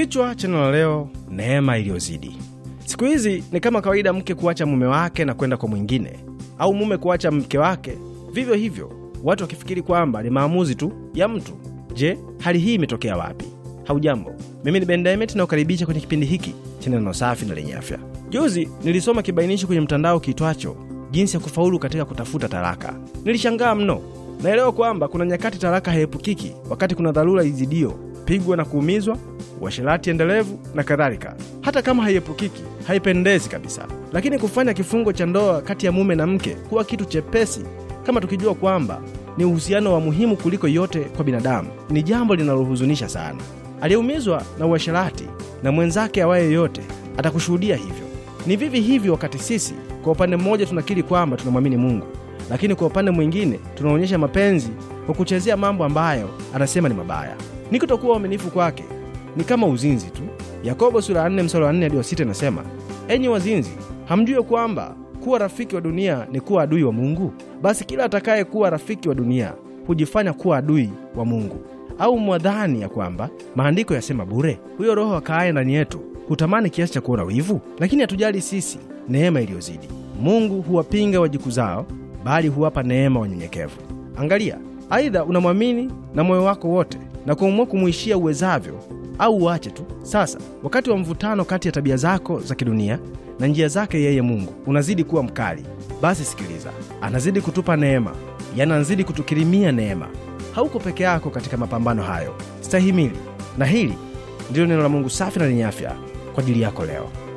Kichwa cha neno la leo, neema iliyozidi. Siku hizi ni kama kawaida mke kuacha mume wake na kwenda kwa mwingine, au mume kuacha mke wake, vivyo hivyo, watu wakifikiri kwamba ni maamuzi tu ya mtu. Je, hali hii imetokea wapi? Haujambo, mimi ni Ben Daimet na ukaribisha kwenye kipindi hiki cha neno safi na lenye afya. Juzi nilisoma kibainishi kwenye mtandao kiitwacho jinsi ya kufaulu katika kutafuta talaka. Nilishangaa mno. Naelewa kwamba kuna nyakati talaka haepukiki, wakati kuna dharura izidio kupigwa na kuumizwa, uasherati endelevu na kadhalika. Hata kama haiepukiki, haipendezi kabisa, lakini kufanya kifungo cha ndoa kati ya mume na mke kuwa kitu chepesi, kama tukijua kwamba ni uhusiano wa muhimu kuliko yote kwa binadamu, ni jambo linalohuzunisha sana. Aliyeumizwa na uasherati na mwenzake awaye yote atakushuhudia hivyo. Ni vivi hivyo wakati sisi kwa upande mmoja tunakiri kwamba tunamwamini Mungu, lakini kwa upande mwingine tunaonyesha mapenzi kwa kuchezea mambo ambayo anasema ni mabaya ni kutokuwa uaminifu kwake. Ni kama uzinzi tu. Yakobo sura ya 4 msalo wa 4 hadi wa 6 nasema, enyi wazinzi, hamjue kwamba kuwa rafiki wa dunia ni kuwa adui wa Mungu? Basi kila atakaye kuwa rafiki wa dunia hujifanya kuwa adui wa Mungu. Au mwadhani ya kwamba maandiko yasema bure, huyo Roho akaaye ndani yetu hutamani kiasi cha kuona wivu? Lakini hatujali sisi neema iliyozidi. Mungu huwapinga wajikuzao, bali huwapa neema wanyenyekevu. Angalia, aidha unamwamini na moyo wako wote na kuamua kumuishia uwezavyo au uache tu. Sasa wakati wa mvutano kati ya tabia zako za kidunia na njia zake yeye Mungu unazidi kuwa mkali, basi sikiliza, anazidi kutupa neema, yani anazidi kutukirimia neema. Hauko peke yako katika mapambano hayo, stahimili. Na hili ndilo neno la Mungu safi na lenye afya kwa ajili yako leo.